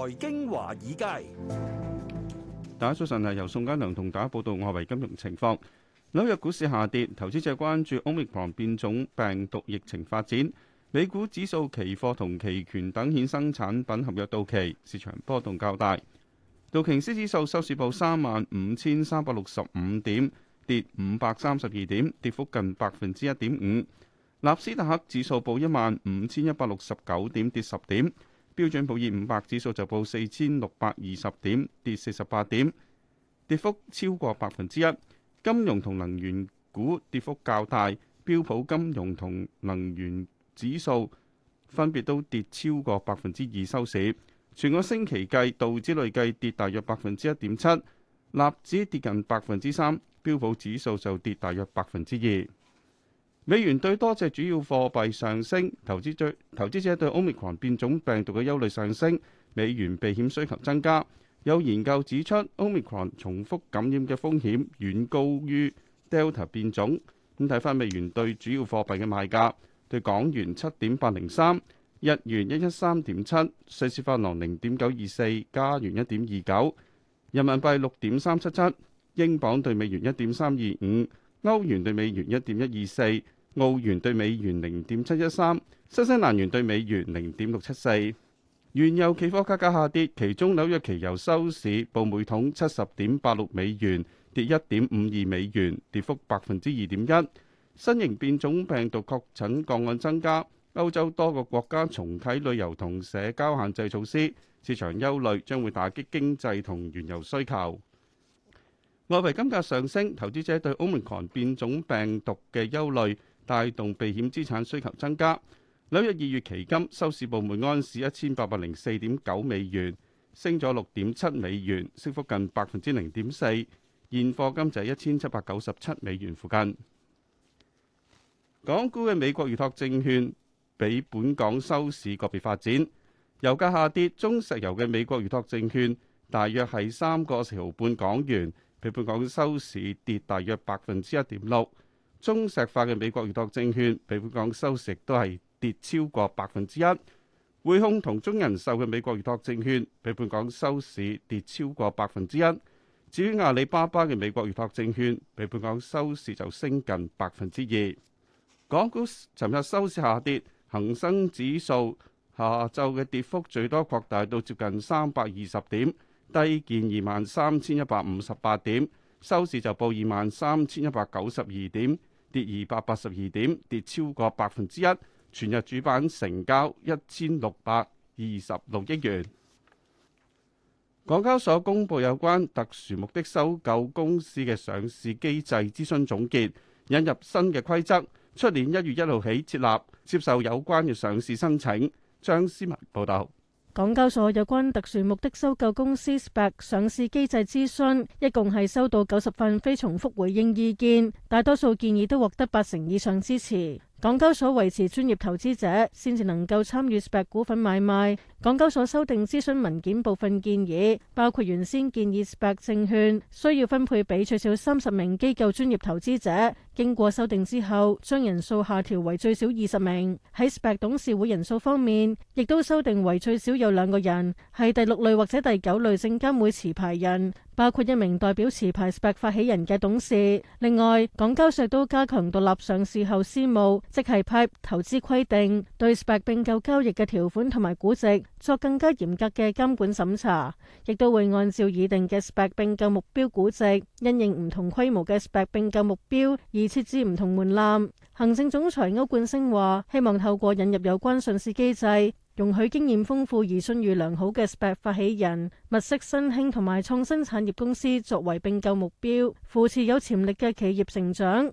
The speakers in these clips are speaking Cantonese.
財經華爾街，大家早晨，係由宋嘉良同大家報道外圍金融情況。紐約股市下跌，投資者關注奧密克戎變種病毒疫情發展。美股指數期貨同期權等衍生產品合約到期，市場波動較大。道瓊斯指數收市報三萬五千三百六十五點，跌五百三十二點，跌幅近百分之一點五。納斯達克指數報一萬五千一百六十九點，跌十點。標準普爾五百指數就報四千六百二十點，跌四十八點，跌幅超過百分之一。金融同能源股跌幅較大，標普金融同能源指數分別都跌超過百分之二收市。全個星期計，道指累計跌大約百分之一點七，納指跌近百分之三，標普指數就跌大約百分之二。美元對多隻主要貨幣上升，投資追投資者對奧密克戎變種病毒嘅憂慮上升，美元避險需求增加。有研究指出，奧密克戎重複感染嘅風險遠高於 Delta 變種。咁睇翻美元對主要貨幣嘅賣價，對港元七點八零三，日元一一三點七，瑞士法郎零點九二四，加元一點二九，人民幣六點三七七，英鎊對美元一點三二五，歐元對美元一點一二四。澳元兌美元零點七一三，新西蘭元兌美元零點六七四。原油期貨價格下跌，其中紐約期油收市報每桶七十點八六美元，跌一點五二美元，跌幅百分之二點一。新型變種病毒確診個案增加，歐洲多個國家重啟旅遊同社交限制措施，市場憂慮將會打擊經濟同原油需求。外圍金價上升，投資者對 Omicron 變種病毒嘅憂慮。帶動避險資產需求增加。紐約二月期金收市報每安市一千八百零四點九美元，升咗六點七美元，升幅近百分之零點四。現貨金就係一千七百九十七美元附近。港股嘅美國預託證券比本港收市個別發展，油價下跌，中石油嘅美國預託證券大約係三個四毫半港元，比本港收市跌大約百分之一點六。中石化嘅美國預託證券，比本港收市都係跌超過百分之一；匯控同中人壽嘅美國預託證券，比本港收市跌超過百分之一。至於阿里巴巴嘅美國預託證券，比本港收市就升近百分之二。港股尋日收市下跌，恒生指數下晝嘅跌幅最多擴大到接近三百二十點，低見二萬三千一百五十八點，收市就報二萬三千一百九十二點。跌二百八十二點，跌超過百分之一。全日主板成交一千六百二十六億元。港交所公布有關特殊目的收購公司嘅上市機制諮詢總結，引入新嘅規則，出年一月一號起設立，接受有關嘅上市申請。張思文報道。港交所有關特殊目的收購公司 SPAC 上市機制諮詢，一共係收到九十份非重複回應意見，大多數建議都獲得八成以上支持。港交所維持專業投資者先至能夠參與 SPAC 股份買賣。港交所修訂諮詢文件部分建議，包括原先建議 SPAC 證券需要分配俾最少三十名機構專業投資者，經過修訂之後將人數下調為最少二十名。喺 SPAC 董事會人數方面，亦都修訂為最少有兩個人係第六類或者第九類證監會持牌人，包括一名代表持牌 SPAC 發起人嘅董事。另外，港交所都加強獨立上市後私募，即係 PIPE 投資規定對 SPAC 併購交易嘅條款同埋估值。作更加嚴格嘅監管審查，亦都會按照擬定嘅 SPAC 並購目標估值，因應唔同規模嘅 SPAC 並購目標而設置唔同門檻。行政總裁歐冠昇話：希望透過引入有關上市機制，容許經驗豐富而信譽良好嘅 SPAC 發起人物色新興同埋創新產業公司作為並購目標，扶持有潛力嘅企業成長。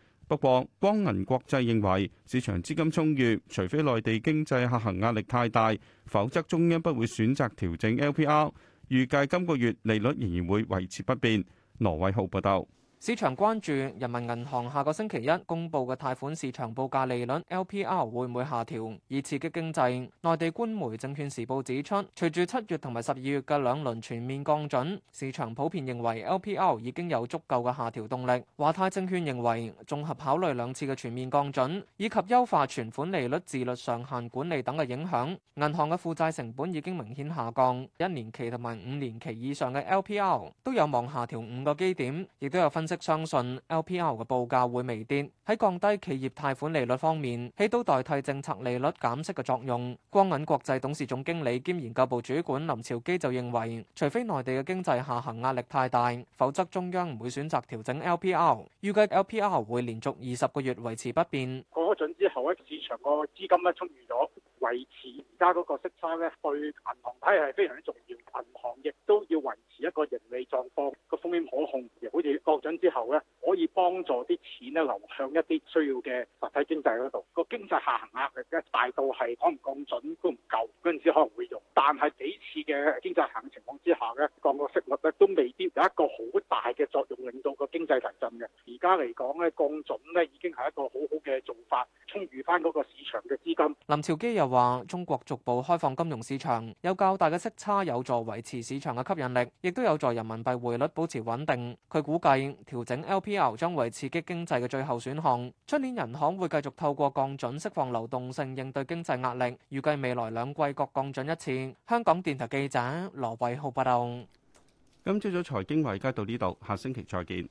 不過，光銀國際認為市場資金充裕，除非內地經濟下行壓力太大，否則中央不會選擇調整 LPR。預計今個月利率仍然會維持不變。羅偉浩報道。市場關注人民銀行下個星期一公布嘅貸款市場報價利率 （LPR） 會唔會下調，以刺激經濟。內地官媒《證券時報》指出，隨住七月同埋十二月嘅兩輪全面降準，市場普遍認為 LPR 已經有足夠嘅下調動力。華泰證券認為，綜合考慮兩次嘅全面降準以及優化存款利率自律上限管理等嘅影響，銀行嘅負債成本已經明顯下降，一年期同埋五年期以上嘅 LPR 都有望下調五個基點，亦都有分析。即相信 LPR 嘅報價會微跌，喺降低企業貸款利率方面起到代替政策利率減息嘅作用。光銀國際董事總經理兼研究部主管林朝基就認為，除非內地嘅經濟下行壓力太大，否則中央唔會選擇調整 LPR。預計 LPR 會連續二十個月維持不變。降咗準之後，市場個資金咧充裕咗，維持而家嗰個息差咧，對銀行體系係非常之重要。銀行亦都要維持一個盈利狀況。降準之後咧，可以幫助啲錢咧流向一啲需要嘅實體經濟嗰度。個經濟下行壓力咧，大到係可能降準都唔夠，嗰陣時可能會用。但係幾次嘅經濟下行情況之下咧，降個息率咧都未必有一個好大嘅作用，令到個經濟提振嘅。家嚟講咧，降準咧已經係一個好好嘅做法，充裕翻嗰個市場嘅資金。林朝基又話：中國逐步開放金融市場，有較大嘅息差有助維持市場嘅吸引力，亦都有助人民幣匯率保持穩定。佢估計調整 LPR 將為刺激經濟嘅最後選項。出年人行會繼續透過降準釋放流動性，應對經濟壓力。預計未來兩季各降準一次。香港電台記者羅偉浩報道。今朝早財經華爾街到呢度，下星期再見。